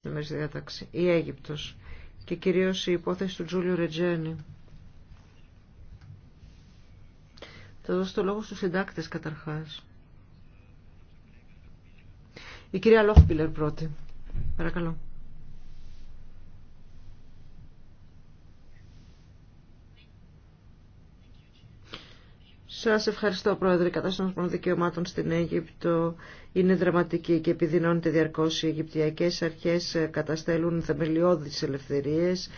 στη διάταξη. Η Αίγυπτος και κυρίως η υπόθεση του Τζούλιο Ρετζένη. Θα δώσω το λόγο στους συντάκτες καταρχάς. Η κυρία Λόφπιλερ πρώτη. Παρακαλώ. Σα ευχαριστώ Πρόεδρε. Η κατάσταση των δικαιωμάτων στην Αίγυπτο είναι δραματική και επιδεινώνεται διαρκώς οι Αιγυπτιακές αρχές καταστέλουν θεμελιώδεις ελευθερίες,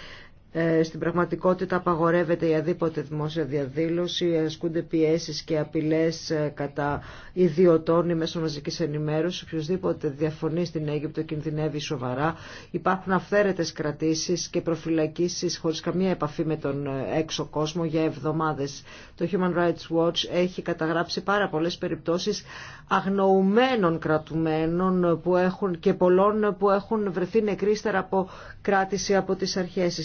ε, στην πραγματικότητα απαγορεύεται η αδίποτε δημόσια διαδήλωση, ασκούνται πιέσεις και απειλές ε, κατά ιδιωτών ή μέσω μαζικής ενημέρωσης. Οποιοςδήποτε διαφωνεί στην Αίγυπτο κινδυνεύει σοβαρά. Υπάρχουν αυθαίρετες κρατήσεις και προφυλακίσεις χωρίς καμία επαφή με τον ε, έξω κόσμο για εβδομάδες. Το Human Rights Watch έχει καταγράψει πάρα πολλές περιπτώσεις αγνοουμένων κρατουμένων που έχουν, και πολλών που έχουν βρεθεί νεκρύστερα από κράτηση από τις αρχές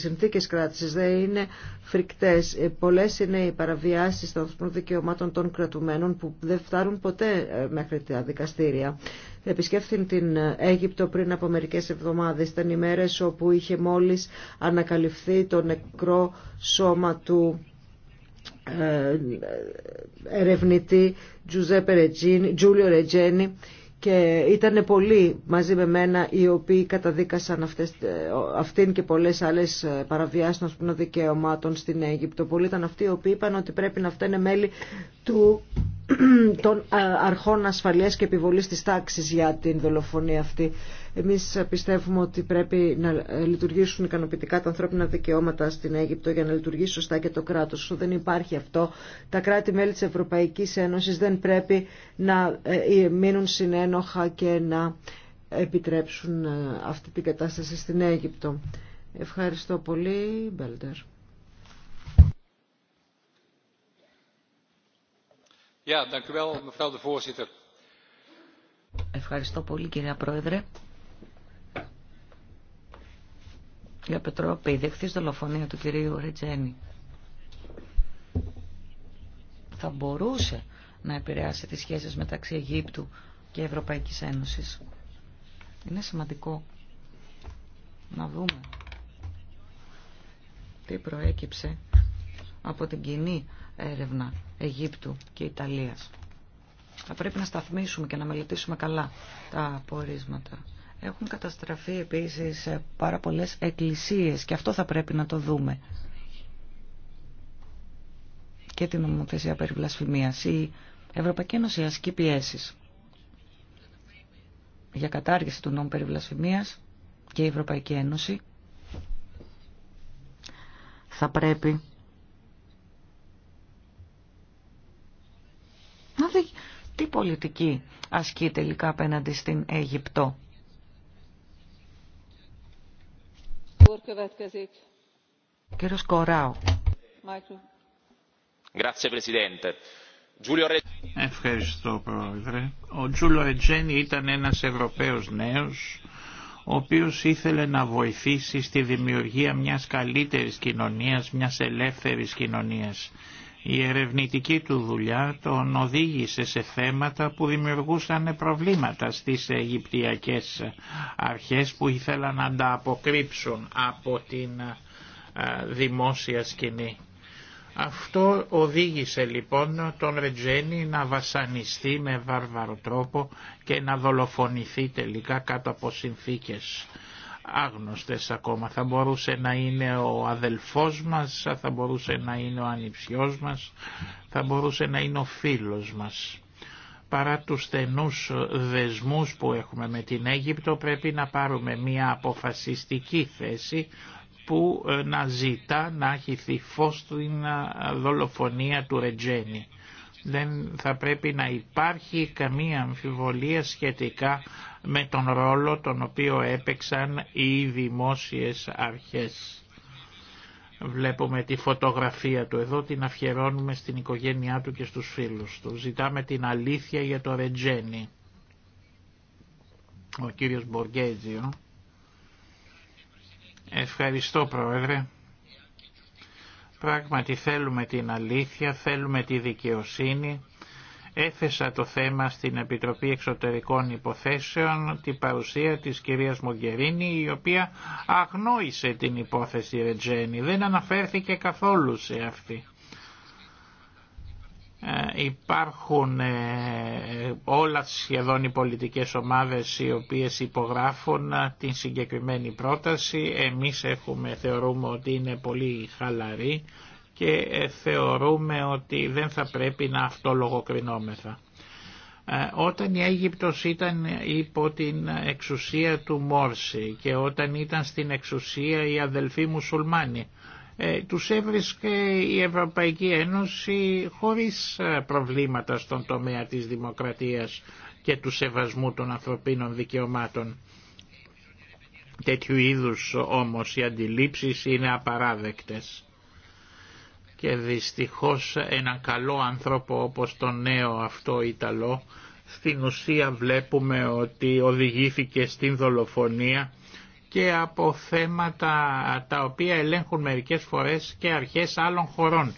κράτησης. Δεν είναι φρικτές. Ε, πολλές είναι οι παραβιάσεις των δικαιωμάτων των κρατουμένων που δεν φτάνουν ποτέ ε, μέχρι τα δικαστήρια. Επισκέφθην την ε, Αίγυπτο πριν από μερικές εβδομάδες. Ήταν οι μέρες όπου είχε μόλις ανακαλυφθεί το νεκρό σώμα του ερευνητή Τζούλιο Ρετζένι και ήταν πολλοί μαζί με μένα οι οποίοι καταδίκασαν αυτές, ε, αυτήν και πολλές άλλες ε, παραβιάσεις των δικαιωμάτων στην Αίγυπτο. Πολλοί ήταν αυτοί οι οποίοι είπαν ότι πρέπει να φταίνε μέλη του των ε, αρχών ασφαλείας και επιβολής της τάξης για την δολοφονία αυτή. Εμείς πιστεύουμε ότι πρέπει να ε, λειτουργήσουν ικανοποιητικά τα ανθρώπινα δικαιώματα στην Αίγυπτο για να λειτουργήσει σωστά και το κράτος. Σου δεν υπάρχει αυτό, τα κράτη-μέλη της Ευρωπαϊκής Ένωσης δεν πρέπει να ε, μείνουν συνένοχα και να επιτρέψουν αυτή την κατάσταση στην Αίγυπτο. Ευχαριστώ πολύ, Μπέλτερ. Ευχαριστώ πολύ κυρία Πρόεδρε. Κυρία Πετρόπη, η δεχθής δολοφονία του κυρίου Ρετζένη θα μπορούσε να επηρεάσει τις σχέσεις μεταξύ Αιγύπτου και Ευρωπαϊκής Ένωσης. Είναι σημαντικό να δούμε τι προέκυψε από την κοινή έρευνα Αιγύπτου και Ιταλίας. Θα πρέπει να σταθμίσουμε και να μελετήσουμε καλά τα πορίσματα. Έχουν καταστραφεί επίσης πάρα πολλές εκκλησίες και αυτό θα πρέπει να το δούμε. Και την νομοθεσία περί βλασφημίας. Η Ευρωπαϊκή Ένωση ασκεί πιέσεις για κατάργηση του νόμου περί βλασφημίας και η Ευρωπαϊκή Ένωση θα πρέπει Να δει τι πολιτική ασκεί τελικά απέναντι στην Αίγυπτο. Κοράου. Ευχαριστώ πρόεδρε. Ο Τζούλο Ετζένι ήταν ένας Ευρωπαίος νέος ο οποίος ήθελε να βοηθήσει στη δημιουργία μιας καλύτερης κοινωνίας, μιας ελεύθερης κοινωνίας. Η ερευνητική του δουλειά τον οδήγησε σε θέματα που δημιουργούσαν προβλήματα στις Αιγυπτιακές αρχές που ήθελαν να τα αποκρύψουν από την δημόσια σκηνή. Αυτό οδήγησε λοιπόν τον Ρετζένι να βασανιστεί με βάρβαρο τρόπο και να δολοφονηθεί τελικά κάτω από συνθήκες άγνωστες ακόμα. Θα μπορούσε να είναι ο αδελφός μας, θα μπορούσε να είναι ο ανιψιός μας, θα μπορούσε να είναι ο φίλος μας. Παρά τους στενούς δεσμούς που έχουμε με την Αίγυπτο πρέπει να πάρουμε μια αποφασιστική θέση που ε, να ζητά να έχει φως στην ε, δολοφονία του Ρετζένη δεν θα πρέπει να υπάρχει καμία αμφιβολία σχετικά με τον ρόλο τον οποίο έπαιξαν οι δημόσιες αρχές. Βλέπουμε τη φωτογραφία του εδώ, την αφιερώνουμε στην οικογένειά του και στους φίλους του. Ζητάμε την αλήθεια για το Ρετζένι. Ο κύριος Μποργέζιο. Ευχαριστώ Πρόεδρε. Πράγματι θέλουμε την αλήθεια, θέλουμε τη δικαιοσύνη. Έθεσα το θέμα στην Επιτροπή Εξωτερικών Υποθέσεων την παρουσία της κυρίας Μογκερίνη η οποία αγνόησε την υπόθεση Ρετζένη. Δεν αναφέρθηκε καθόλου σε αυτή. Ε, υπάρχουν ε, όλα σχεδόν οι πολιτικές ομάδες οι οποίες υπογράφουν ε, την συγκεκριμένη πρόταση. Εμείς έχουμε, θεωρούμε ότι είναι πολύ χαλαρή και θεωρούμε ότι δεν θα πρέπει να αυτολογοκρινόμεθα. Όταν η Αίγυπτος ήταν υπό την εξουσία του Μόρση και όταν ήταν στην εξουσία οι αδελφοί μουσουλμάνοι, ε, τους έβρισκε η Ευρωπαϊκή Ένωση χωρίς ε, προβλήματα στον τομέα της δημοκρατίας και του σεβασμού των ανθρωπίνων δικαιωμάτων. Τέτοιου είδους όμως οι αντιλήψεις είναι απαράδεκτες και δυστυχώς ένα καλό άνθρωπο όπως τον νέο αυτό Ιταλό στην ουσία βλέπουμε ότι οδηγήθηκε στην δολοφονία και από θέματα τα οποία ελέγχουν μερικές φορές και αρχές άλλων χωρών.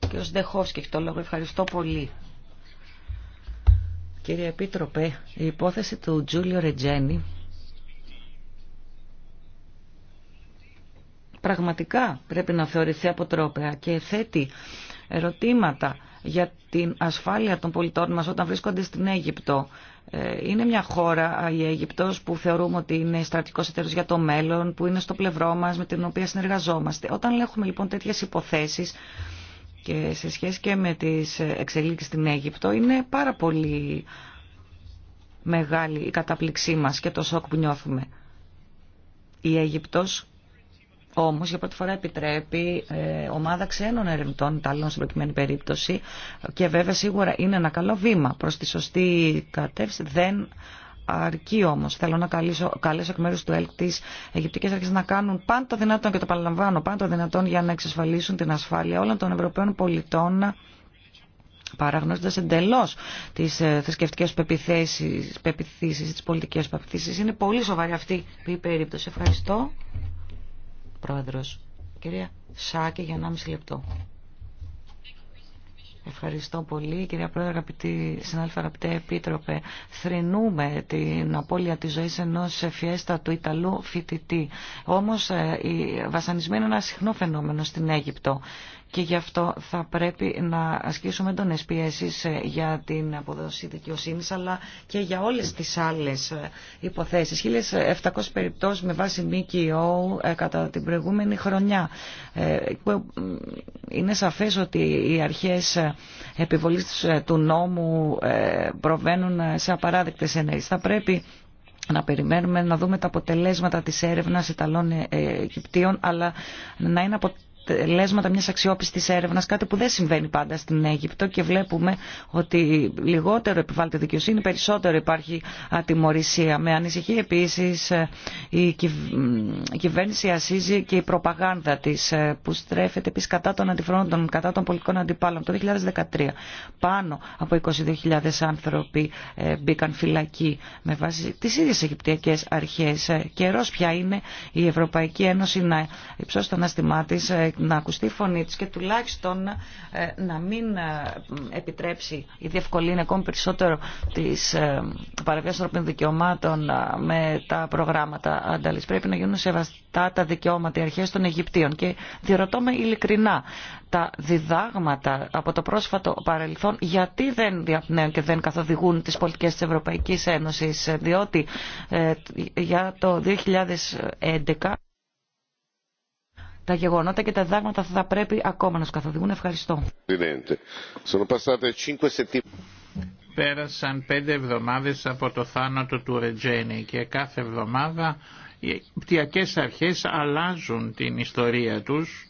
Κύριο Σντεχόφσκι, έχει το λόγο. Ευχαριστώ πολύ. Κύριε Επίτροπε, η υπόθεση του Τζούλιο Ρετζένι πραγματικά πρέπει να θεωρηθεί αποτρόπαια και θέτει ερωτήματα για την ασφάλεια των πολιτών μας όταν βρίσκονται στην Αίγυπτο. Ε, είναι μια χώρα, η Αίγυπτος, που θεωρούμε ότι είναι στρατικός εταίρος για το μέλλον, που είναι στο πλευρό μας, με την οποία συνεργαζόμαστε. Όταν έχουμε λοιπόν τέτοιες υποθέσεις, και σε σχέση και με τις εξελίξεις στην Αίγυπτο, είναι πάρα πολύ μεγάλη η καταπληξή μας και το σοκ που νιώθουμε. Η Αίγυπτος Όμω, για πρώτη φορά επιτρέπει ε, ομάδα ξένων ερευνητών, Ιταλών στην προκειμένη περίπτωση, και βέβαια σίγουρα είναι ένα καλό βήμα προ τη σωστή κατεύθυνση. Δεν αρκεί όμω. Θέλω να καλέσω, καλέσω εκ μέρου του ΕΛΚ τι Αιγυπτικέ Αρχέ να κάνουν πάντα δυνατόν, και το παραλαμβάνω, πάντα δυνατόν για να εξασφαλίσουν την ασφάλεια όλων των Ευρωπαίων πολιτών παραγνώριζοντα εντελώ τι ε, θρησκευτικέ πεπιθήσει, τι πολιτικέ πεπιθήσει. Είναι πολύ σοβαρή αυτή η περίπτωση. Ευχαριστώ. Πρόεδρος. Κυρία Σάκη, για 1,5 λεπτό. Ευχαριστώ πολύ. Κυρία Πρόεδρε, αγαπητή συνάδελφα, αγαπητέ Επίτροπε, θρυνούμε την απώλεια της ζωής ενός φιέστα του Ιταλού φοιτητή. Όμως ε, η βασανισμή είναι ένα συχνό φαινόμενο στην Αίγυπτο και γι' αυτό θα πρέπει να ασκήσουμε έντονες πιέσεις ε, για την αποδόση δικαιοσύνη, αλλά και για όλες τις άλλες ε, υποθέσεις. 1.700 περιπτώσεις με βάση ΜΚΟ ε, κατά την προηγούμενη χρονιά. Είναι σαφές ότι οι αρχές επιβολής του νόμου προβαίνουν σε απαράδεκτες ενέργειες. Θα πρέπει να περιμένουμε να δούμε τα αποτελέσματα της έρευνας Ιταλών Αιγυπτίων, αλλά να είναι αποτελέσματα αποτελέσματα μια αξιόπιστη έρευνα κάτι που δεν συμβαίνει πάντα στην Αίγυπτο και βλέπουμε ότι λιγότερο επιβάλλεται δικαιοσύνη, περισσότερο υπάρχει ατιμορρησία. Με ανησυχεί επίση ε, η κυβέρνηση Ασίζη και η προπαγάνδα τη ε, που στρέφεται επίση κατά των αντιφρόντων, κατά των πολιτικών αντιπάλων. Το 2013 πάνω από 22.000 άνθρωποι ε, μπήκαν φυλακοί με βάση τι ίδιε Αιγυπτιακέ αρχέ. Καιρό πια είναι η Ευρωπαϊκή Ένωση να υψώσει το αναστημά τη να ακουστεί η φωνή της και τουλάχιστον ε, να μην ε, επιτρέψει η διευκολύνη ακόμη περισσότερο της ε, παραβίασης των δικαιωμάτων με τα προγράμματα ανταλής. Πρέπει να γίνουν σεβαστά τα δικαιώματα, οι αρχές των Αιγυπτίων και διερωτώ με ειλικρινά τα διδάγματα από το πρόσφατο παρελθόν γιατί δεν διαπνέουν και δεν καθοδηγούν τις πολιτικές της Ευρωπαϊκής Ένωσης διότι για το 2011 τα γεγονότα και τα δάγματα θα πρέπει ακόμα να σκαθοδηγούν. Ευχαριστώ. Πέρασαν πέντε εβδομάδες από το θάνατο του Ρετζένη και κάθε εβδομάδα οι πτιακές αρχές αλλάζουν την ιστορία τους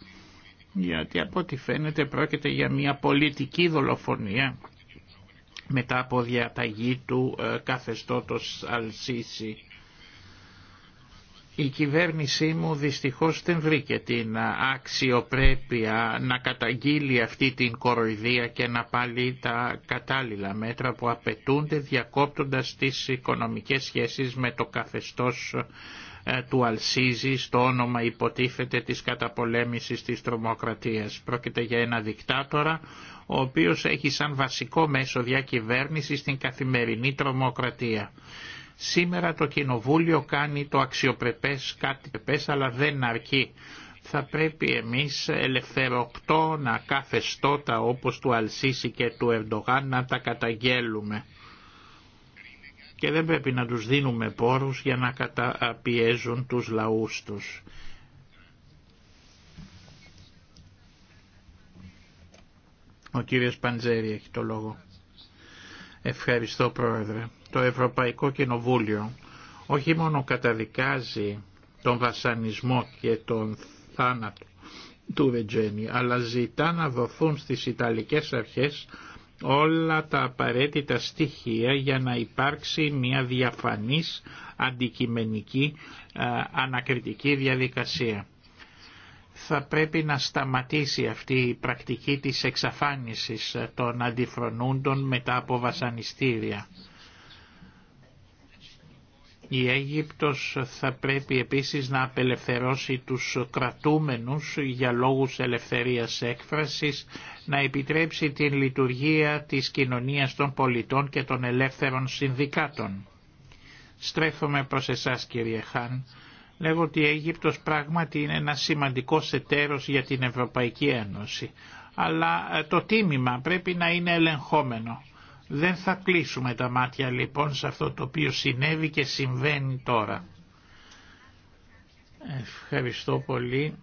γιατί από ό,τι φαίνεται πρόκειται για μια πολιτική δολοφονία μετά από διαταγή του ε, καθεστώτος Αλσίση. Η κυβέρνησή μου δυστυχώς δεν βρήκε την αξιοπρέπεια να καταγγείλει αυτή την κοροϊδία και να πάλι τα κατάλληλα μέτρα που απαιτούνται διακόπτοντας τις οικονομικές σχέσεις με το καθεστώς ε, του Αλσίζη στο όνομα υποτίθεται της καταπολέμησης της τρομοκρατίας. Πρόκειται για ένα δικτάτορα ο οποίος έχει σαν βασικό μέσο διακυβέρνηση την καθημερινή τρομοκρατία. Σήμερα το Κοινοβούλιο κάνει το αξιοπρεπές κάτι πεπές αλλά δεν αρκεί. Θα πρέπει εμείς να καθεστώτα όπως του Αλσίση και του Ερντογάν να τα καταγγέλουμε. Και δεν πρέπει να τους δίνουμε πόρους για να καταπιέζουν τους λαούς τους. Ο κύριος Παντζέρη έχει το λόγο. Ευχαριστώ πρόεδρε το Ευρωπαϊκό Κοινοβούλιο όχι μόνο καταδικάζει τον βασανισμό και τον θάνατο του Βεντζένη, αλλά ζητά να δοθούν στις Ιταλικές αρχές όλα τα απαραίτητα στοιχεία για να υπάρξει μια διαφανής αντικειμενική ανακριτική διαδικασία. Θα πρέπει να σταματήσει αυτή η πρακτική της εξαφάνισης των αντιφρονούντων μετά από βασανιστήρια. Η Αίγυπτος θα πρέπει επίσης να απελευθερώσει τους κρατούμενους για λόγους ελευθερίας έκφρασης, να επιτρέψει την λειτουργία της κοινωνίας των πολιτών και των ελεύθερων συνδικάτων. Στρέφομαι προς εσάς κύριε Χάν. Λέγω ότι η Αίγυπτος πράγματι είναι ένα σημαντικό εταίρος για την Ευρωπαϊκή Ένωση. Αλλά το τίμημα πρέπει να είναι ελεγχόμενο δεν θα κλείσουμε τα μάτια λοιπόν σε αυτό το οποίο συνέβη και συμβαίνει τώρα. Ευχαριστώ πολύ.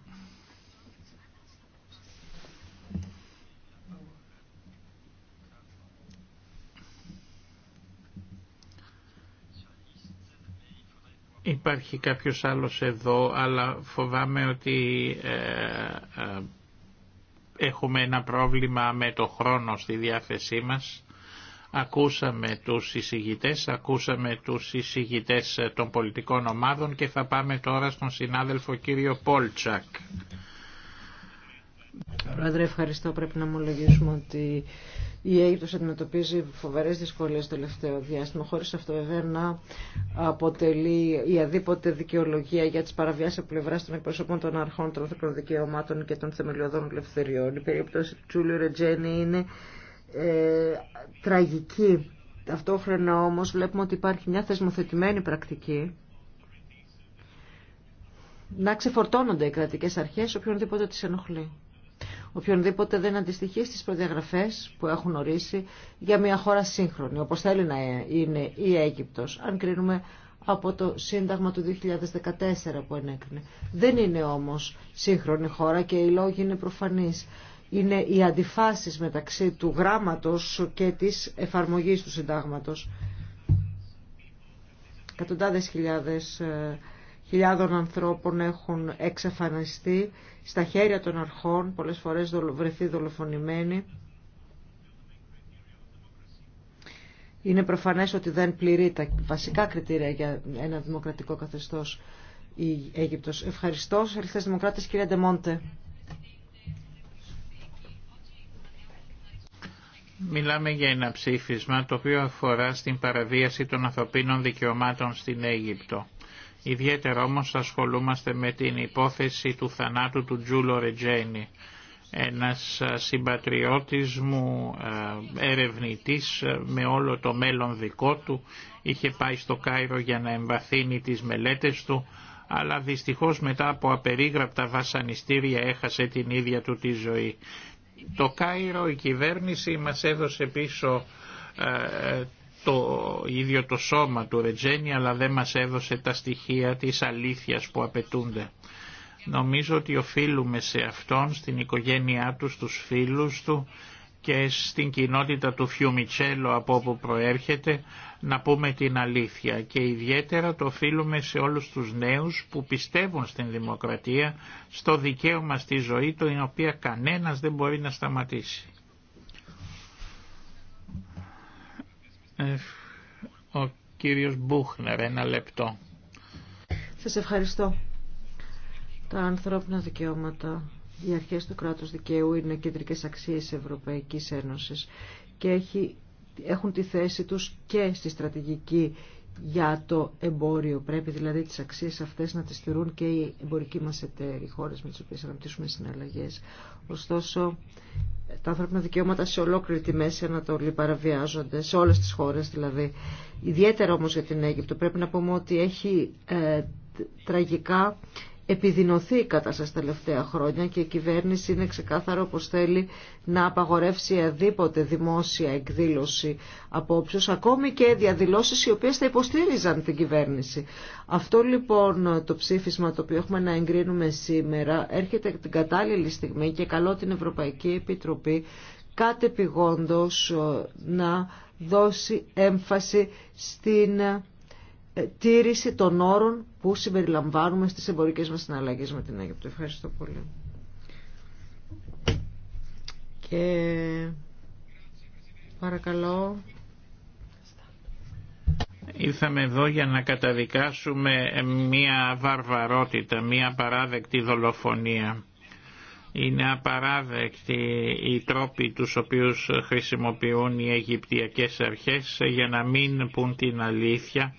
Υπάρχει κάποιος άλλος εδώ, αλλά φοβάμαι ότι ε, ε, έχουμε ένα πρόβλημα με το χρόνο στη διάθεσή μας. Ακούσαμε τους εισηγητές, ακούσαμε τους εισηγητές των πολιτικών ομάδων και θα πάμε τώρα στον συνάδελφο κύριο Πόλτσακ. Πρόεδρε, ευχαριστώ. Πρέπει να ομολογήσουμε ότι η Αίγυπτος αντιμετωπίζει φοβερές δυσκολίες το τελευταίο διάστημα, χωρίς αυτό βέβαια να αποτελεί η αδίποτε δικαιολογία για τις παραβιάσεις από πλευράς των εκπροσώπων των αρχών των δικαιωμάτων και των θεμελιωδών ελευθεριών. Η περίπτωση του Ρετζένη είναι ε, τραγική. Ταυτόχρονα όμως βλέπουμε ότι υπάρχει μια θεσμοθετημένη πρακτική να ξεφορτώνονται οι κρατικές αρχές οποιονδήποτε τις ενοχλεί. Οποιονδήποτε δεν αντιστοιχεί στις προδιαγραφές που έχουν ορίσει για μια χώρα σύγχρονη, όπως θέλει να είναι η Αίγυπτος, αν κρίνουμε από το Σύνταγμα του 2014 που ενέκρινε. Δεν είναι όμως σύγχρονη χώρα και οι λόγοι είναι προφανείς είναι οι αντιφάσεις μεταξύ του γράμματος και της εφαρμογής του συντάγματος. Κατοντάδες χιλιάδες ε, χιλιάδων ανθρώπων έχουν εξαφανιστεί στα χέρια των αρχών, πολλές φορές βρεθεί δολοφονημένοι. Είναι προφανές ότι δεν πληρεί τα βασικά κριτήρια για ένα δημοκρατικό καθεστώς η Αίγυπτος. Ευχαριστώ. Δημοκράτες, κύριε Ντεμόντε. Μιλάμε για ένα ψήφισμα το οποίο αφορά στην παραβίαση των ανθρωπίνων δικαιωμάτων στην Αίγυπτο. Ιδιαίτερα όμως ασχολούμαστε με την υπόθεση του θανάτου του Τζούλο Ρετζένη, ένας συμπατριώτης μου ε, ερευνητής ε, με όλο το μέλλον δικό του, είχε πάει στο Κάιρο για να εμβαθύνει τις μελέτες του, αλλά δυστυχώς μετά από απερίγραπτα βασανιστήρια έχασε την ίδια του τη ζωή. Το Κάιρο η κυβέρνηση μας έδωσε πίσω ε, το ίδιο το σώμα του Ρετζένη αλλά δεν μας έδωσε τα στοιχεία της αλήθειας που απαιτούνται. Νομίζω ότι οφείλουμε σε αυτόν, στην οικογένειά του, στους φίλους του, και στην κοινότητα του Φιουμιτσέλο από όπου προέρχεται να πούμε την αλήθεια και ιδιαίτερα το οφείλουμε σε όλους τους νέους που πιστεύουν στην δημοκρατία, στο δικαίωμα στη ζωή το οποία κανένας δεν μπορεί να σταματήσει. Ο κύριος Μπούχνερ, ένα λεπτό. Σας ευχαριστώ. Τα ανθρώπινα δικαιώματα οι αρχές του κράτους δικαίου είναι κεντρικές αξίες Ευρωπαϊκής Ένωσης και έχει, έχουν τη θέση τους και στη στρατηγική για το εμπόριο. Πρέπει δηλαδή τις αξίες αυτές να τις στηρούν και οι εμπορικοί μας εταίροι, οι χώρες με τις οποίες αναπτύσσουμε συναλλαγές. Ωστόσο, τα ανθρώπινα δικαιώματα σε ολόκληρη τη Μέση Ανατολή παραβιάζονται, σε όλες τις χώρες δηλαδή. Ιδιαίτερα όμως για την Αίγυπτο πρέπει να πούμε ότι έχει ε, τραγικά επιδεινωθεί η κατάσταση τα τελευταία χρόνια και η κυβέρνηση είναι ξεκάθαρο πως θέλει να απαγορεύσει αδίποτε δημόσια εκδήλωση απόψεως, ακόμη και διαδηλώσεις οι οποίες θα υποστήριζαν την κυβέρνηση. Αυτό λοιπόν το ψήφισμα το οποίο έχουμε να εγκρίνουμε σήμερα έρχεται την κατάλληλη στιγμή και καλό την Ευρωπαϊκή Επιτροπή κατεπηγόντως να δώσει έμφαση στην ε, τήρηση των όρων που συμπεριλαμβάνουμε στις εμπορικές μας συναλλαγές με την Αίγυπτο. Ευχαριστώ πολύ. Και παρακαλώ. Ήρθαμε εδώ για να καταδικάσουμε μία βαρβαρότητα, μία παράδεκτη δολοφονία. Είναι απαράδεκτοι οι τρόποι τους οποίους χρησιμοποιούν οι Αιγυπτιακές αρχές για να μην πουν την αλήθεια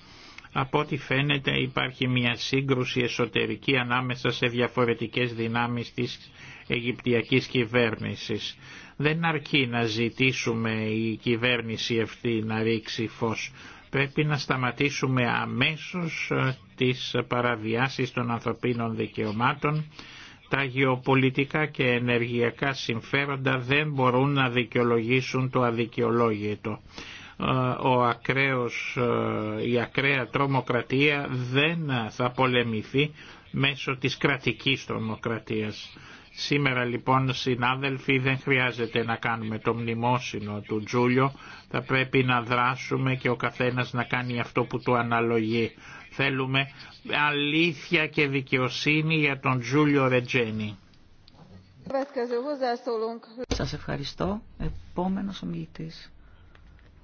από ό,τι φαίνεται υπάρχει μια σύγκρουση εσωτερική ανάμεσα σε διαφορετικές δυνάμεις της Αιγυπτιακής κυβέρνησης. Δεν αρκεί να ζητήσουμε η κυβέρνηση αυτή να ρίξει φως. Πρέπει να σταματήσουμε αμέσως ε, τις παραβιάσεις των ανθρωπίνων δικαιωμάτων. Τα γεωπολιτικά και ενεργειακά συμφέροντα δεν μπορούν να δικαιολογήσουν το αδικαιολόγητο. Ε, ο ακραίος, ε, η ακραία τρομοκρατία δεν θα πολεμηθεί μέσω της κρατικής τρομοκρατίας. Σήμερα λοιπόν συνάδελφοι δεν χρειάζεται να κάνουμε το μνημόσυνο του Τζούλιο, θα πρέπει να δράσουμε και ο καθένας να κάνει αυτό που του αναλογεί. Θέλουμε αλήθεια και δικαιοσύνη για τον Τζούλιο Ρετζένη. Σας ευχαριστώ. Επόμενος ομιλητής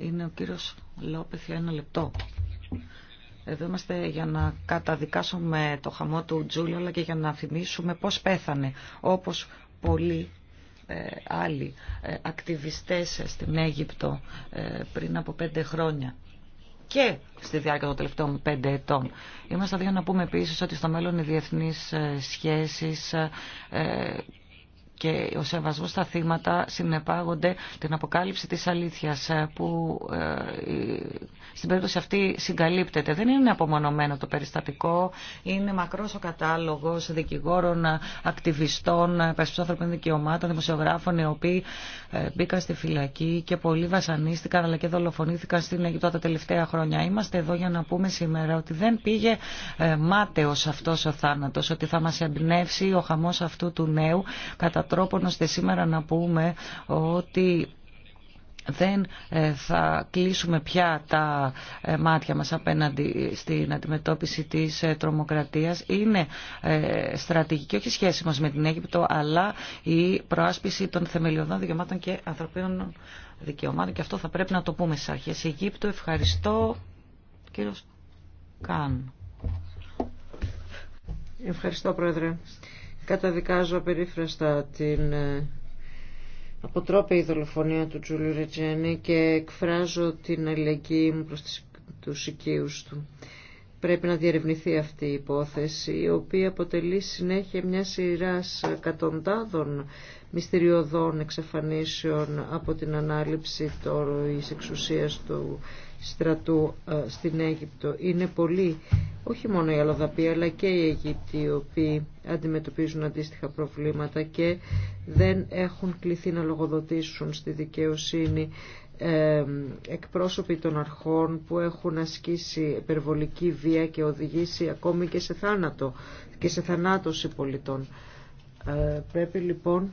είναι ο κύριος Λόπεθ για ένα λεπτό. Εδώ είμαστε για να καταδικάσουμε το χαμό του Τζούλου αλλά και για να θυμίσουμε πώς πέθανε όπως πολλοί ε, άλλοι ε, ακτιβιστές στην Αίγυπτο ε, πριν από πέντε χρόνια και στη διάρκεια των τελευταίων πέντε ετών. Είμαστε δύο να πούμε επίσης ότι στο μέλλον οι διεθνείς σχέσεις και ο σεβασμό στα θύματα συνεπάγονται την αποκάλυψη της αλήθειας ε, που ε, στην περίπτωση αυτή συγκαλύπτεται. Δεν είναι απομονωμένο το περιστατικό, είναι μακρός ο κατάλογος δικηγόρων, ακτιβιστών, υπερσπιστών ανθρωπίνων δικαιωμάτων, δημοσιογράφων οι οποίοι ε, μπήκαν στη φυλακή και πολλοί βασανίστηκαν αλλά και δολοφονήθηκαν στην Αιγυπτό τα τελευταία χρόνια. Είμαστε εδώ για να πούμε σήμερα ότι δεν πήγε μάταιος αυτός ο θάνατο ότι θα μας εμπνεύσει ο χαμός αυτού του νέου κατά τρόπον ώστε σήμερα να πούμε ότι δεν ε, θα κλείσουμε πια τα ε, μάτια μας απέναντι στην αντιμετώπιση της ε, τρομοκρατίας. Είναι στρατηγική, όχι σχέση μας με την Αίγυπτο, αλλά η προάσπιση των θεμελιωδών δικαιωμάτων και ανθρωπίνων δικαιωμάτων. Και αυτό θα πρέπει να το πούμε στις αρχές. Αιγύπτο, ευχαριστώ. Κύριος Καν. Ευχαριστώ, Πρόεδρε. Καταδικάζω απερίφραστα την ε, αποτρόπαιη δολοφονία του Τζούλιου Ρετζένη και εκφράζω την αλληλεγγύη μου προς τους οικείους του. Πρέπει να διερευνηθεί αυτή η υπόθεση, η οποία αποτελεί συνέχεια μια σειρά εκατοντάδων μυστηριωδών εξαφανίσεων από την ανάληψη τη εξουσία του στρατού ε, στην Αίγυπτο. Είναι πολύ όχι μόνο οι Αλοδαποί, αλλά και οι Αιγύπτιοι, οι οποίοι αντιμετωπίζουν αντίστοιχα προβλήματα και δεν έχουν κληθεί να λογοδοτήσουν στη δικαιοσύνη εκπρόσωποι των αρχών που έχουν ασκήσει υπερβολική βία και οδηγήσει ακόμη και σε θάνατο και σε θανάτωση πολιτών. Ε, πρέπει λοιπόν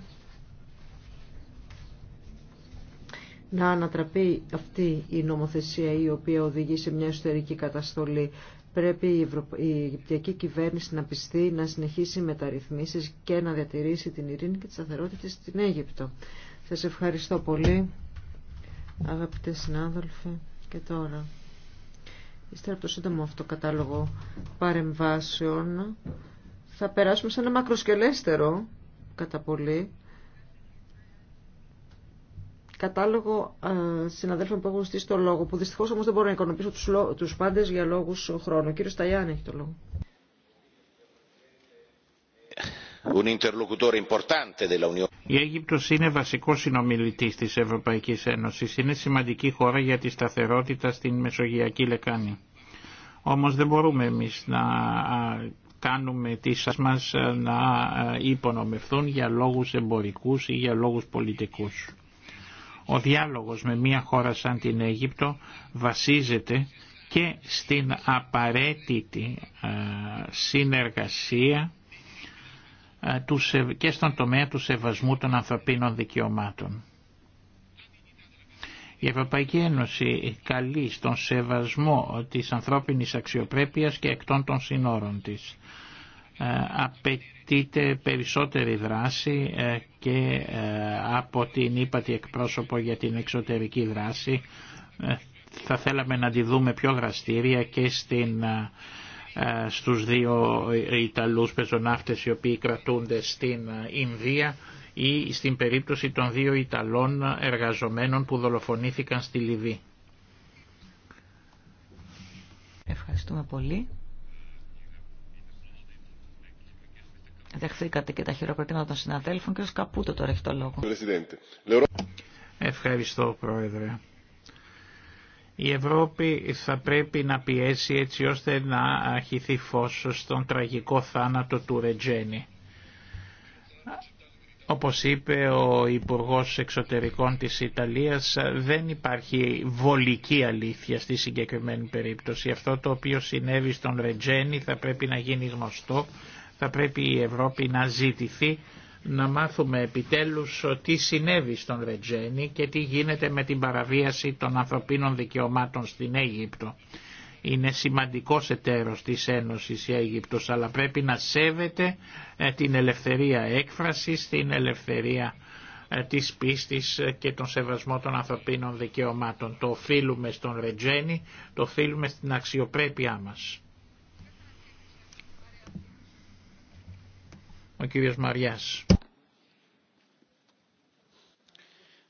να ανατραπεί αυτή η νομοθεσία η οποία οδηγεί σε μια εσωτερική καταστολή. Πρέπει η Αιγυπτιακή κυβέρνηση να πιστεί να συνεχίσει μεταρρυθμίσεις και να διατηρήσει την ειρήνη και τη σταθερότητα στην Αίγυπτο. Σας ευχαριστώ πολύ αγαπητέ συνάδελφοι και τώρα. Ύστερα από το σύντομο αυτό κατάλογο παρεμβάσεων θα περάσουμε σε ένα μακροσκελέστερο κατά πολύ κατάλογο ε, συναδέλφων που έχουν στήσει το λόγο, που δυστυχώ όμω δεν μπορώ να εικονοποιήσω του πάντε για λόγου χρόνου. Κύριο Σταγιάννη έχει το λόγο. Η Αίγυπτος είναι βασικός συνομιλητής της Ευρωπαϊκής Ένωσης. Είναι σημαντική χώρα για τη σταθερότητα στην Μεσογειακή Λεκάνη. Όμως δεν μπορούμε εμείς να κάνουμε τις μας να υπονομευθούν για λόγους εμπορικούς ή για λόγους πολιτικούς. Ο διάλογος με μια χώρα σαν την Αίγυπτο βασίζεται και στην απαραίτητη ε, συνεργασία ε, και στον τομέα του σεβασμού των ανθρωπίνων δικαιωμάτων. Η Ευρωπαϊκή Ένωση καλεί στον σεβασμό της ανθρώπινης αξιοπρέπειας και εκτών των συνόρων της. Ε, απαιτείται περισσότερη δράση ε, και ε, από την ύπατη εκπρόσωπο για την εξωτερική δράση. Θα θέλαμε να τη δούμε πιο δραστήρια και στην, στους δύο Ιταλούς πεζοναύτες οι οποίοι κρατούνται στην Ινδία ή στην περίπτωση των δύο Ιταλών εργαζομένων που δολοφονήθηκαν στη Λιβύη. Ευχαριστούμε πολύ. Δεχθήκατε και τα χειροκροτήματα των συναδέλφων. και ως Καπούτο τώρα έχει το λόγο. Ευχαριστώ Πρόεδρε. Η Ευρώπη θα πρέπει να πιέσει έτσι ώστε να αρχιθεί φως στον τραγικό θάνατο του Ρετζένη. Όπως είπε ο Υπουργός Εξωτερικών της Ιταλίας, δεν υπάρχει βολική αλήθεια στη συγκεκριμένη περίπτωση. Αυτό το οποίο συνέβη στον Ρετζένη θα πρέπει να γίνει γνωστό θα πρέπει η Ευρώπη να ζητηθεί να μάθουμε επιτέλους τι συνέβη στον Ρετζένη και τι γίνεται με την παραβίαση των ανθρωπίνων δικαιωμάτων στην Αίγυπτο. Είναι σημαντικός εταίρος της Ένωσης η Αίγυπτος, αλλά πρέπει να σέβεται ε, την ελευθερία έκφρασης, την ελευθερία ε, της πίστης και τον σεβασμό των ανθρωπίνων δικαιωμάτων. Το οφείλουμε στον Ρετζένη, το οφείλουμε στην αξιοπρέπειά μας. Ο κύριος Μαριάς.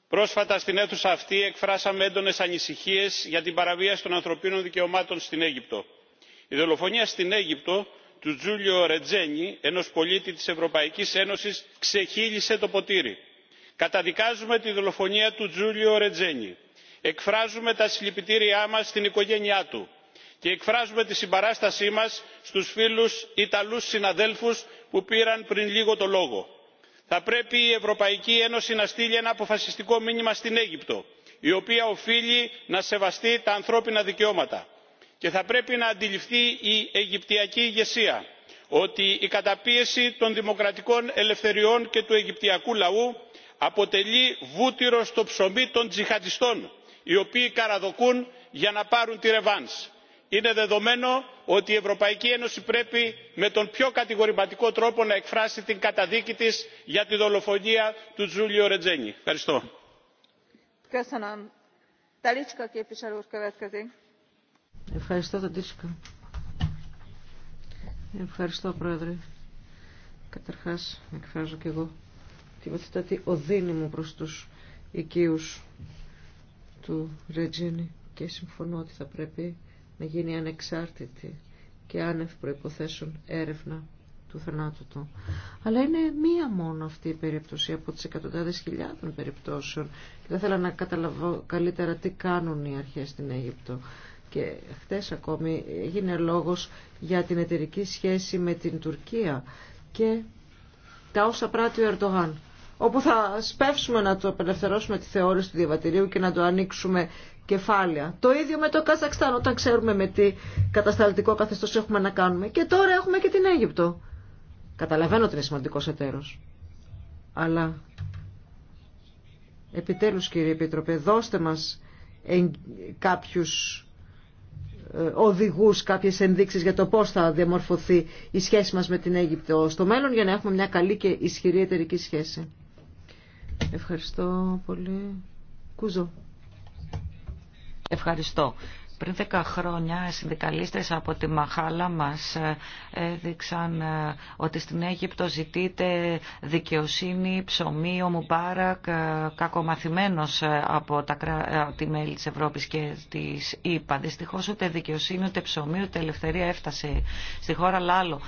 Πρόσφατα στην αίθουσα αυτή εκφράσαμε έντονες ανησυχίες για την παραβίαση των ανθρωπίνων δικαιωμάτων στην Αίγυπτο. Η δολοφονία στην Αίγυπτο του Τζούλιο Ρετζένι, ενός πολίτη της Ευρωπαϊκής Ένωσης, ξεχύλισε το ποτήρι. Καταδικάζουμε τη δολοφονία του Τζούλιο Ρετζένι. Εκφράζουμε τα συλληπιτήριά μας στην οικογένειά του και εκφράζουμε τη συμπαράστασή μας στους φίλους Ιταλούς συναδέλφους που πήραν πριν λίγο το λόγο. θα πρέπει η ευρωπαϊκή ένωση να στείλει ένα αποφασιστικό μήνυμα στην αίγυπτο η οποία οφείλει να σεβαστεί τα ανθρώπινα δικαιώματα και θα πρέπει να αντιληφθεί η αιγυπτιακή ηγεσία ότι η καταπίεση των δημοκρατικών ελευθεριών και του αιγυπτιακού λαού αποτελεί βούτυρο στο ψωμί των τζιχαντιστών οι οποίοι καραδοκούν για να πάρουν τη ρεβάνς είναι δεδομένο ότι η ευρωπαϊκή ένωση πρέπει με τον πιο κατηγορηματικό τρόπο να εκφράσει την καταδίκη της για τη δολοφονία του τζούλιο ρετζένι. ευχαριστώ. Ευχαριστώ, Ευχαριστώ, Πρόεδρε. Καταρχάς, εκφράζω και εγώ τη βαθύτατη οδύνη μου προς τους οικείους του Ρετζινη και συμφωνώ ότι θα πρέπει να γίνει ανεξάρτητη και άνευ προϋποθέσεων έρευνα του θανάτου του. Αλλά είναι μία μόνο αυτή η περίπτωση από τις εκατοντάδες χιλιάδων περιπτώσεων και δεν θέλω να καταλαβώ καλύτερα τι κάνουν οι αρχές στην Αίγυπτο. Και χτες ακόμη έγινε λόγος για την εταιρική σχέση με την Τουρκία και τα όσα πράττει ο Ερντογάν όπου θα σπεύσουμε να το απελευθερώσουμε τη θεώρηση του διαβατηρίου και να το ανοίξουμε κεφάλαια. Το ίδιο με το Καζακστάν, όταν ξέρουμε με τι κατασταλτικό καθεστώς έχουμε να κάνουμε. Και τώρα έχουμε και την Αίγυπτο. Καταλαβαίνω ότι είναι σημαντικός εταίρος. Αλλά επιτέλους κύριε Επίτροπε, δώστε μας κάποιους ε, οδηγούς, κάποιες ενδείξεις για το πώς θα διαμορφωθεί η σχέση μας με την Αίγυπτο στο μέλλον για να έχουμε μια καλή και ισχυρή εταιρική σχέση. Ευχαριστώ πολύ. Κούζο. Ευχαριστώ. Πριν 10 χρόνια οι συνδικαλίστες από τη Μαχάλα μας ε, έδειξαν ε, ότι στην Αίγυπτο ζητείται δικαιοσύνη, ψωμί, ο Μουμπάρακ, ε, κακομαθημένος από τα τη μέλη της Ευρώπης και της ΕΠΑ. Δυστυχώς ούτε δικαιοσύνη, ούτε ψωμί, ούτε ελευθερία έφτασε στη χώρα, αλλά άλλο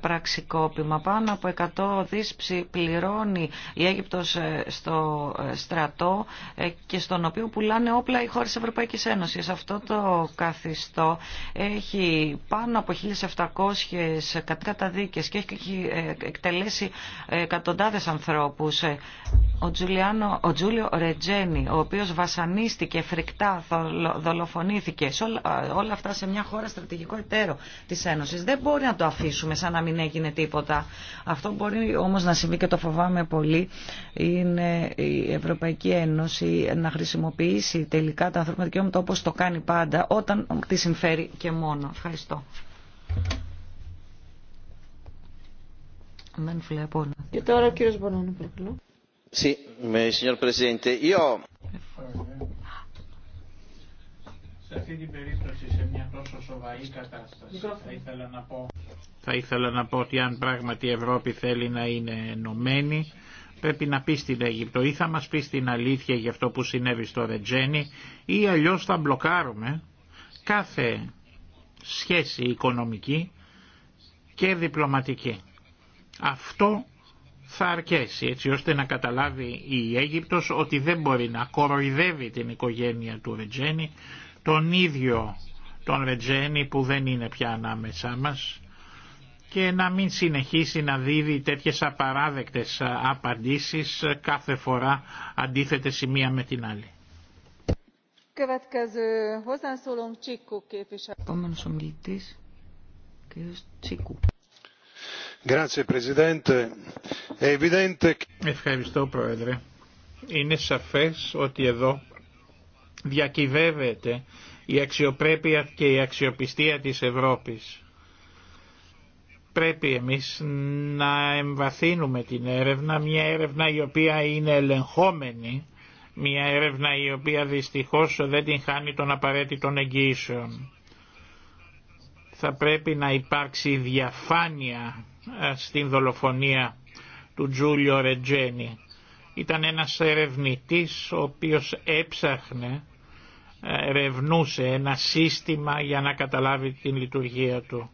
πραξικόπημα. Πάνω από 100 δις πληρώνει η Αίγυπτος στο στρατό και στον οποίο πουλάνε όπλα οι χώρες Ευρωπαϊκής Ένωσης. Αυτό το καθιστό έχει πάνω από 1.700 καταδίκες και έχει ε, εκτελέσει ε, εκατοντάδες ανθρώπους. Ε, ο, Τζουλιάνο, ο Τζούλιο Ρετζένι, ο οποίος βασανίστηκε φρικτά, δολοφονήθηκε όλα, αυτά σε μια χώρα στρατηγικό εταίρο της Ένωσης. Δεν μπορεί να το αφήσουμε σαν να μην έγινε τίποτα. Αυτό μπορεί όμως να συμβεί και το φοβάμαι πολύ. Είναι η Ευρωπαϊκή Ένωση να χρησιμοποιήσει τελικά τα ανθρώπινα δικαιώματα όπως το κάνει πάντα όταν τη συμφέρει και μόνο. Ευχαριστώ. Δεν Και τώρα ο κύριος Μπονάνο, παρακαλώ. Sì, signor Presidente, io... την περίπτωση, σε μια τόσο σοβαρή κατάσταση, θα ήθελα να πω... Θα ήθελα να πω ότι αν πράγματι η Ευρώπη θέλει να είναι ενωμένη, πρέπει να πει στην Αίγυπτο ή θα μας πει την αλήθεια για αυτό που συνέβη στο Ρετζένι ή αλλιώς θα μπλοκάρουμε κάθε σχέση οικονομική και διπλωματική. Αυτό θα αρκέσει έτσι ώστε να καταλάβει η Αίγυπτος ότι δεν μπορεί να κοροϊδεύει την οικογένεια του Ρετζένι, τον ίδιο τον Ρετζένι που δεν είναι πια ανάμεσά μας και να μην συνεχίσει να δίδει τέτοιες απαράδεκτες ε, απαντήσεις ε, κάθε φορά αντίθετες η μία με την άλλη. Ευχαριστώ, Πρόεδρε. Είναι σαφές ότι εδώ διακυβεύεται η αξιοπρέπεια και η αξιοπιστία της Ευρώπης πρέπει εμείς να εμβαθύνουμε την έρευνα, μια έρευνα η οποία είναι ελεγχόμενη, μια έρευνα η οποία δυστυχώς δεν την χάνει των απαραίτητων εγγύσεων. Θα πρέπει να υπάρξει διαφάνεια ε, στην δολοφονία του Τζούλιο Ρετζένι. Ήταν ένας ερευνητής ο οποίος έψαχνε, ε, ερευνούσε ένα σύστημα για να καταλάβει την λειτουργία του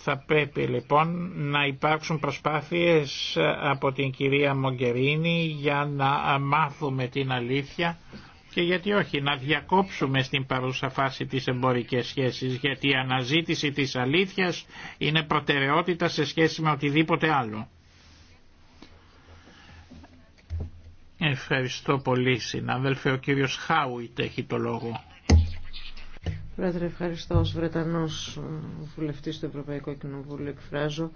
θα πρέπει λοιπόν να υπάρξουν προσπάθειες ε, από την κυρία Μογκερίνη για να ε, μάθουμε την αλήθεια και γιατί όχι να διακόψουμε στην παρούσα φάση τις εμπορικές σχέσεις γιατί η αναζήτηση της αλήθειας είναι προτεραιότητα σε σχέση με οτιδήποτε άλλο. Ευχαριστώ πολύ συνάδελφε. Ο κύριος Χάουιτ έχει το λόγο. Πρόεδρε, ευχαριστώ. Ως Βρετανός βουλευτής του Ευρωπαϊκού Κοινοβούλου εκφράζω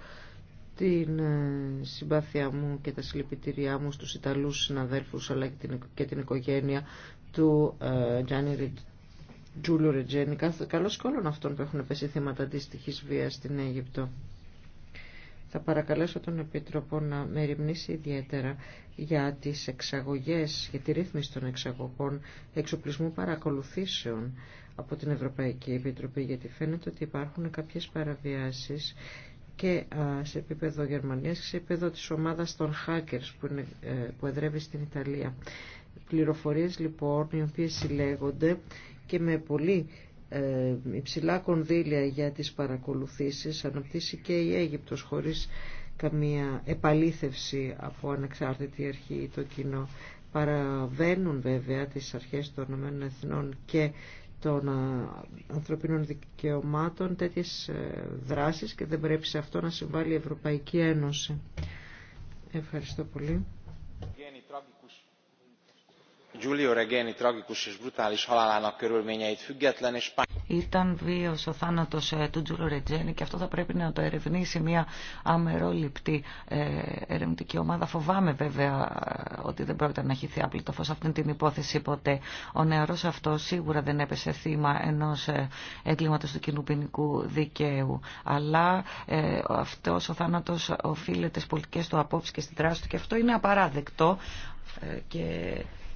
την ε, συμπάθειά μου και τα συλληπιτήριά μου στους Ιταλούς συναδέλφους αλλά και την οικογένεια του Τζάνι Τζούλιο Ρετζένι. καλώς και όλων αυτών που έχουν πέσει θύματα αντίστοιχης βίας στην Αίγυπτο. Θα παρακαλέσω τον Επίτροπο να με ρημνήσει ιδιαίτερα για τις εξαγωγές, για τη ρύθμιση των εξαγωγών εξοπλισμού παρακολουθήσεων από την Ευρωπαϊκή Επιτροπή γιατί φαίνεται ότι υπάρχουν κάποιες παραβιάσεις και σε επίπεδο Γερμανίας και σε επίπεδο της ομάδας των hackers που, είναι, ε, που εδρεύει στην Ιταλία. Πληροφορίες λοιπόν οι οποίες συλλέγονται και με πολύ ε, υψηλά κονδύλια για τις παρακολουθήσεις αναπτύσσει και η Αίγυπτος χωρίς καμία επαλήθευση από ανεξάρτητη αρχή ή το κοινό. Παραβαίνουν βέβαια τις αρχές των ΗΕ και των ε, ανθρωπίνων δικαιωμάτων τέτοιες ε, δράσεις και δεν πρέπει σε αυτό να συμβάλλει η Ευρωπαϊκή Ένωση. Ευχαριστώ πολύ. Giulio Regeni tragikus és brutális halálának körülményeit független és Ήταν βίαιος ο θάνατο ε, του Τζούλο Ρετζένη και αυτό θα πρέπει να το ερευνήσει μια αμερόληπτη ε, ερευνητική ομάδα. Φοβάμαι βέβαια ε, ότι δεν πρόκειται να χυθεί άπλητο φως αυτήν την υπόθεση ποτέ. Ο νεαρός αυτό σίγουρα δεν έπεσε θύμα ενός εγκληματο του κοινού ποινικού δικαίου. Αλλά αυτό ο θάνατο οφείλεται στις πολιτικέ του απόψει και στην δράση του και αυτό είναι απαράδεκτο. Και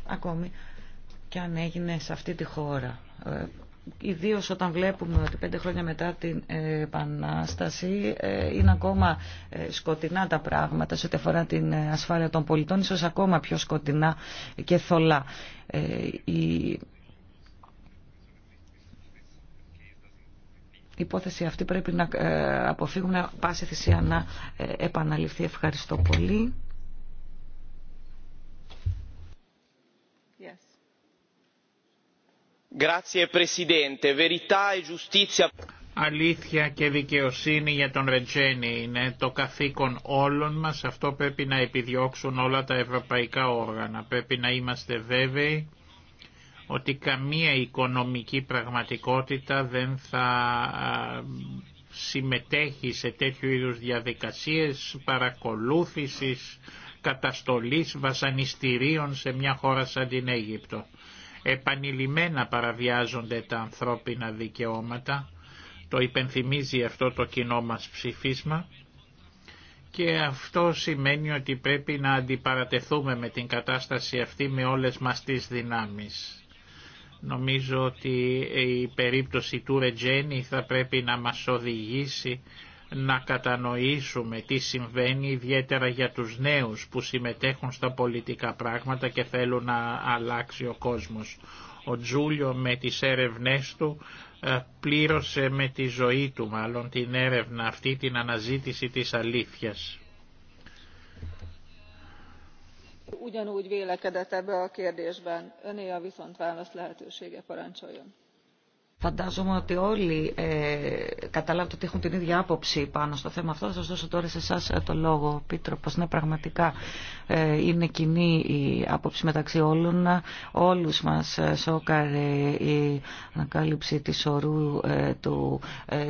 ακόμη και αν έγινε σε αυτή τη χώρα. Ε, Ιδίω όταν βλέπουμε ότι πέντε χρόνια μετά την Επανάσταση ε, είναι ακόμα ε, σκοτεινά τα πράγματα σε ό,τι αφορά την ασφάλεια των πολιτών, ίσως ακόμα πιο σκοτεινά και θολά. Η υπόθεση αυτή πρέπει να αποφύγουμε πάση θυσία να επαναληφθεί. Ευχαριστώ πολύ. E Αλήθεια και δικαιοσύνη για τον Ρεντζένι είναι το καθήκον όλων μας, αυτό πρέπει να επιδιώξουν όλα τα ευρωπαϊκά όργανα. Πρέπει να είμαστε βέβαιοι ότι καμία οικονομική πραγματικότητα δεν θα συμμετέχει σε τέτοιου είδους διαδικασίες παρακολούθησης, καταστολής βασανιστήριων σε μια χώρα σαν την Αίγυπτο επανειλημμένα παραβιάζονται τα ανθρώπινα δικαιώματα, το υπενθυμίζει αυτό το κοινό μας ψηφίσμα και αυτό σημαίνει ότι πρέπει να αντιπαρατεθούμε με την κατάσταση αυτή με όλες μας τις δυνάμεις. Νομίζω ότι η περίπτωση του Ρετζένη θα πρέπει να μας οδηγήσει να κατανοήσουμε τι συμβαίνει ιδιαίτερα για τους νέους που συμμετέχουν στα πολιτικά πράγματα και θέλουν να αλλάξει ο κόσμος. Ο Τζούλιο με τις έρευνές του ε, πλήρωσε με τη ζωή του μάλλον την έρευνα αυτή, την αναζήτηση της αλήθειας. Ugyanúgy vélekedett ebbe a kérdésben. Öné a viszont lehetősége parancsoljon. Φαντάζομαι ότι όλοι ε, ότι έχουν την ίδια άποψη πάνω στο θέμα αυτό. Θα σας δώσω τώρα σε εσά ε, το λόγο, πίτρο, πως Ναι, πραγματικά ε, είναι κοινή η άποψη μεταξύ όλων. Όλους μας ε, σώκαρε η ανακάλυψη της ορού του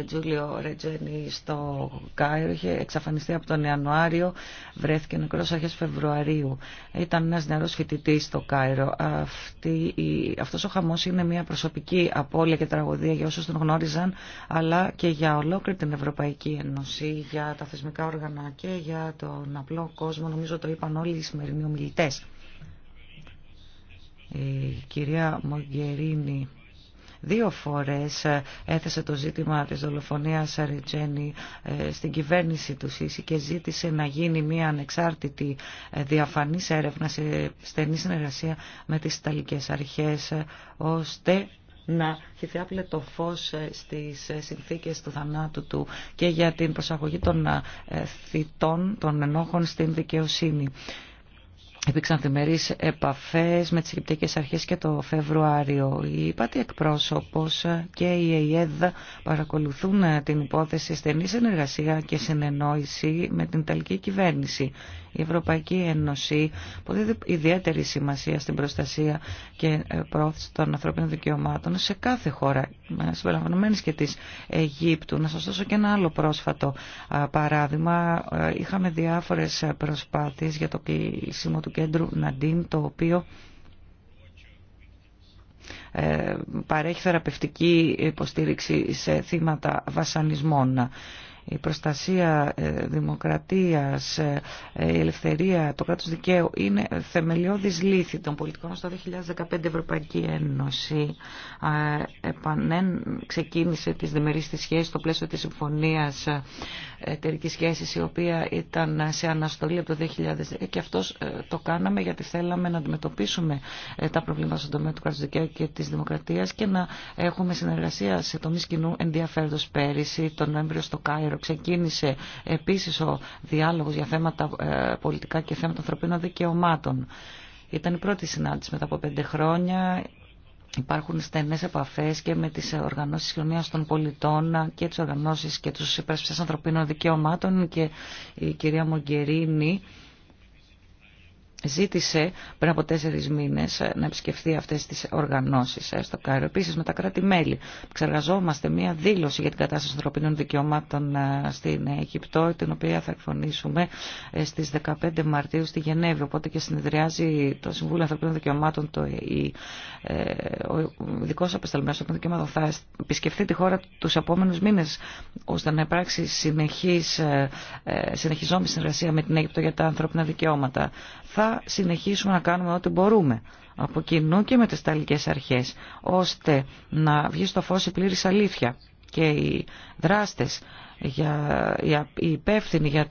Τζούλιο Ρετζένι στο Κάιρο. Είχε εξαφανιστεί από τον Ιανουάριο, βρέθηκε νεκρός αρχές Φεβρουαρίου. Ήταν ένας νεαρός φοιτητής στο Κάιρο. Αυτή, αυτός ο χαμός είναι μια προσωπική απώλεια τραγωδία για όσους τον γνώριζαν, αλλά και για ολόκληρη την Ευρωπαϊκή Ένωση, για τα θεσμικά όργανα και για τον απλό κόσμο. Νομίζω το είπαν όλοι οι σημερινοί Η κυρία Μογκερίνη δύο φορές ε, έθεσε το ζήτημα της δολοφονίας Ριτζένη ε, στην κυβέρνηση του ΣΥΣΥ και ζήτησε να γίνει μια ανεξάρτητη ε, διαφανής έρευνα σε στενή συνεργασία με τις Ιταλικές αρχές ώστε να χυθιάπλε το φως ε, στις ε, συνθήκες του θανάτου του και για την προσαγωγή των ε, θητών, των ενόχων στην δικαιοσύνη. Υπήρξαν θημερεί επαφές με τι Αιγυπτιακέ αρχέ και το Φεβρουάριο. Η ΥΠΑΤΗ εκπρόσωπος και η ΕΙΕΔ παρακολουθούν την υπόθεση στενή συνεργασία και συνεννόηση με την Ιταλική κυβέρνηση. Η Ευρωπαϊκή Ένωση που δίδει ιδιαίτερη σημασία στην προστασία και ε, πρόθεση των ανθρωπίνων δικαιωμάτων σε κάθε χώρα, ε, συμπεριλαμβανομένης και της Αιγύπτου. Να σας δώσω και ένα άλλο πρόσφατο παράδειγμα. Ε, είχαμε διάφορες προσπάθειες για το κλείσιμο του κέντρου Ναντίν, το οποίο παρέχει θεραπευτική υποστήριξη σε θύματα βασανισμών η προστασία ε, δημοκρατίας, ε, ε, η ελευθερία, το κράτος δικαίου είναι θεμελιώδης λύθη των πολιτικών στο 2015 Ευρωπαϊκή Ένωση επανέν ξεκίνησε τις διμερείς σχέσεις στο πλαίσιο της συμφωνίας εταιρικής σχέσης η οποία ήταν σε αναστολή από το 2010 και αυτός το κάναμε γιατί θέλαμε να αντιμετωπίσουμε τα προβλήματα στον τομέα του κράτους δικαίου και της δημοκρατίας και να έχουμε συνεργασία σε τομείς κοινού ενδιαφέροντος πέρυσι τον Νοέμβριο στο Κάιρο ξεκίνησε επίσης ο διάλογος για θέματα ε, πολιτικά και θέματα ανθρωπίνων δικαιωμάτων. Ήταν η πρώτη συνάντηση μετά από πέντε χρόνια. Υπάρχουν στενές επαφές και με τις οργανώσεις κοινωνίας των πολιτών και τις οργανώσεις και τους υπερασπιστές ανθρωπίνων δικαιωμάτων και η κυρία Μογκερίνη ζήτησε πριν από τέσσερι μήνε ε, να επισκεφθεί αυτέ τι οργανώσει ε, στο Κάιρο. Επίση, με τα κράτη-μέλη εξεργαζόμαστε μία δήλωση για την κατάσταση των ανθρωπίνων δικαιωμάτων ε, στην Αιγυπτό, την οποία θα εκφωνήσουμε στι 15 Μαρτίου στη Γενέβη. Οπότε και συνεδριάζει το Συμβούλιο Ανθρωπίνων Δικαιωμάτων, το ε, Ο ειδικό απεσταλμένο των δικαιωμάτων θα επισκεφθεί τη χώρα του επόμενου μήνε, ώστε να υπάρξει συνεχής, συνεχιζόμενη συνεργασία με την Αίγυπτο για τα ανθρώπινα δικαιώματα θα συνεχίσουμε να κάνουμε ό,τι μπορούμε από κοινού και με τις ταλικές αρχές, ώστε να βγει στο φως η πλήρης αλήθεια και οι δράστες για, οι υπεύθυνοι για,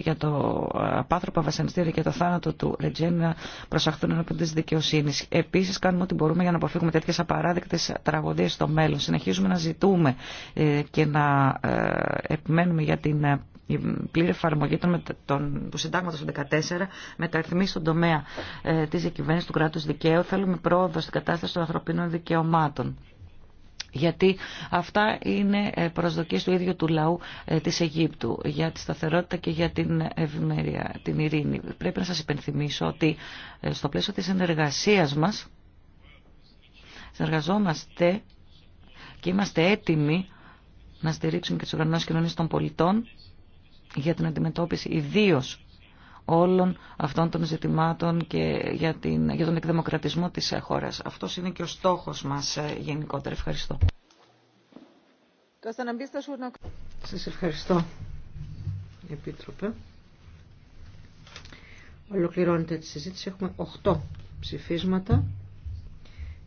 για το ε, απάνθρωπο βασανιστήριο και το θάνατο του Ρετζέν να προσαχθούν ενώπιν της δικαιοσύνη. Επίσης κάνουμε ό,τι μπορούμε για να αποφύγουμε τέτοιες απαράδεκτες τραγωδίες στο μέλλον. Συνεχίζουμε να ζητούμε ε, και να ε, επιμένουμε για την η πλήρη εφαρμογή των, των, του συντάγματο του 2014 μεταρρυθμίσει στον τομέα ε, τη διακυβέρνηση του κράτου δικαίου. Θέλουμε πρόοδο στην κατάσταση των ανθρωπίνων δικαιωμάτων. Γιατί αυτά είναι ε, προσδοκίες του ίδιου του λαού ε, της Αιγύπτου για τη σταθερότητα και για την ευημερία, την ειρήνη. Πρέπει να σας υπενθυμίσω ότι ε, στο πλαίσιο της συνεργασία μας συνεργαζόμαστε και είμαστε έτοιμοι να στηρίξουμε και τις οργανώσεις κοινωνία των πολιτών για την αντιμετώπιση ιδίω όλων αυτών των ζητημάτων και για, την, για τον εκδημοκρατισμό της χώρας. Αυτός είναι και ο στόχος μας ε, γενικότερα. Ευχαριστώ. Σας ευχαριστώ, Επίτροπε. Ολοκληρώνεται τη συζήτηση. Έχουμε 8 ψηφίσματα.